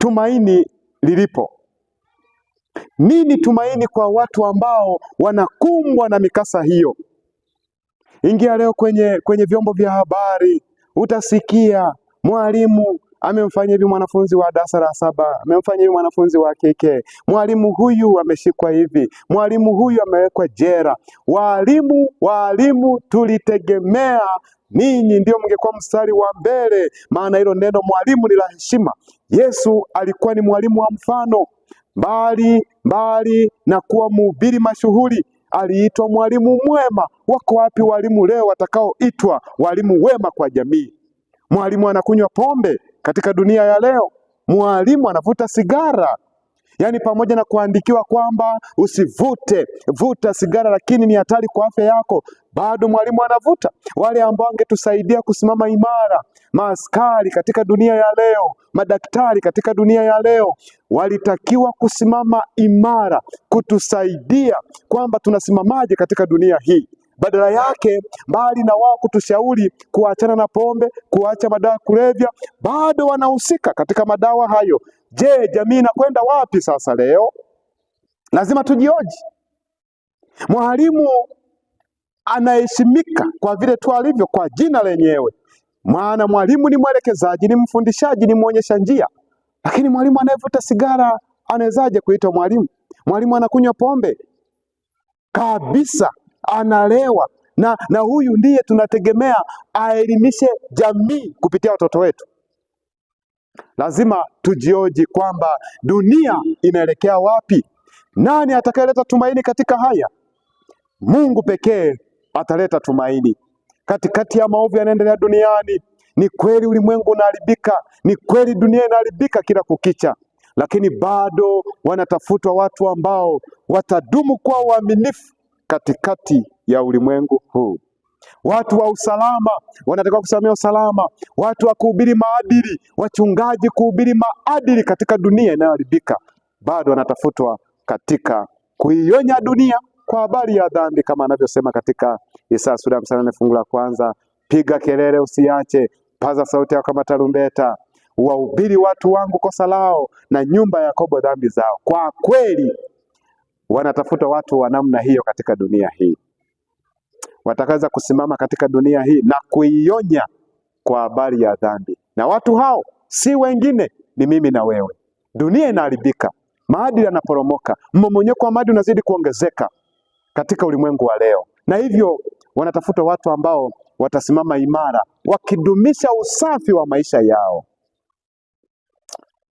tumaini lilipo. Nini tumaini kwa watu ambao wanakumbwa na mikasa hiyo? Ingia leo kwenye, kwenye vyombo vya habari utasikia mwalimu amemfanyia hivi mwanafunzi wa darasa la saba, amemfanyia hivi mwanafunzi wa kike, mwalimu huyu ameshikwa hivi, mwalimu huyu amewekwa jela. Walimu, walimu, tulitegemea ninyi ndio mngekuwa mstari wa mbele, maana hilo neno mwalimu ni la heshima. Yesu alikuwa ni mwalimu wa mfano. Mbali mbali na kuwa mhubiri mashuhuri, aliitwa mwalimu mwema. Wako wapi walimu leo watakaoitwa walimu wema kwa jamii? Mwalimu anakunywa pombe katika dunia ya leo, mwalimu anavuta sigara. Yaani, pamoja na kuandikiwa kwamba usivute vuta sigara, lakini ni hatari kwa afya yako, bado mwalimu anavuta. Wale ambao angetusaidia kusimama imara, maaskari katika dunia ya leo, Madaktari katika dunia ya leo walitakiwa kusimama imara kutusaidia kwamba tunasimamaje katika dunia hii. Badala yake, mbali na wao kutushauri kuachana na pombe, kuacha madawa kulevya, bado wanahusika katika madawa hayo. Je, jamii inakwenda wapi sasa leo? Lazima tujioji. Mwalimu anaheshimika kwa vile tu alivyo, kwa jina lenyewe maana mwalimu ni mwelekezaji, ni mfundishaji, ni mwonyesha njia. Lakini mwalimu anayevuta sigara anawezaje kuitwa mwalimu? Mwalimu anakunywa pombe kabisa, analewa na, na huyu ndiye tunategemea aelimishe jamii kupitia watoto wetu. Lazima tujioji kwamba dunia inaelekea wapi. Nani atakayeleta tumaini katika haya? Mungu pekee ataleta tumaini katikati ya maovu yanaendelea duniani. Ni kweli ulimwengu unaharibika, ni kweli dunia inaharibika kila kukicha, lakini bado wanatafutwa watu ambao watadumu kwa uaminifu katikati ya ulimwengu huu. Watu wa usalama wanatakiwa kusimamia usalama, watu wa kuhubiri maadili, wachungaji kuhubiri maadili katika dunia inayoharibika, bado wanatafutwa katika kuionya dunia kwa habari ya dhambi, kama anavyosema katika Isaya sura ya 58 fungu la kwanza: piga kelele usiache, paza sauti yako kama tarumbeta, wahubiri watu wangu kosa lao na nyumba ya Yakobo dhambi zao. Kwa kweli wanatafuta watu wa namna hiyo katika dunia hii, watakaweza kusimama katika dunia hii na kuionya kwa habari ya dhambi, na watu hao si wengine, ni mimi na wewe. Dunia inaharibika, maadili yanaporomoka, mmomonyoko wa maadili unazidi kuongezeka katika ulimwengu wa leo, na hivyo wanatafuta watu ambao watasimama imara wakidumisha usafi wa maisha yao.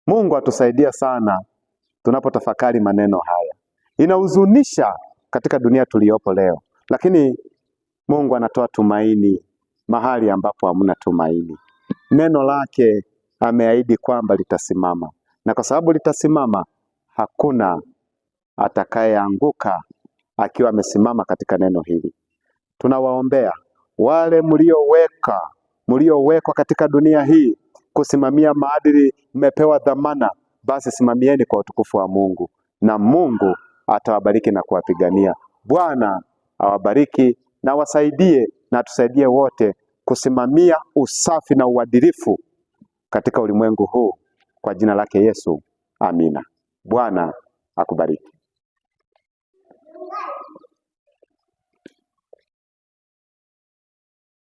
Mungu atusaidia sana tunapotafakari maneno haya. Inahuzunisha katika dunia tuliyopo leo, lakini Mungu anatoa tumaini mahali ambapo hamna tumaini. Neno lake ameahidi kwamba litasimama, na kwa sababu litasimama, hakuna atakayeanguka akiwa amesimama katika neno hili. Tunawaombea wale mlioweka mliowekwa katika dunia hii kusimamia maadili, mmepewa dhamana, basi simamieni kwa utukufu wa Mungu na Mungu atawabariki na kuwapigania. Bwana awabariki na wasaidie na tusaidie wote kusimamia usafi na uadilifu katika ulimwengu huu kwa jina lake Yesu. Amina. Bwana akubariki.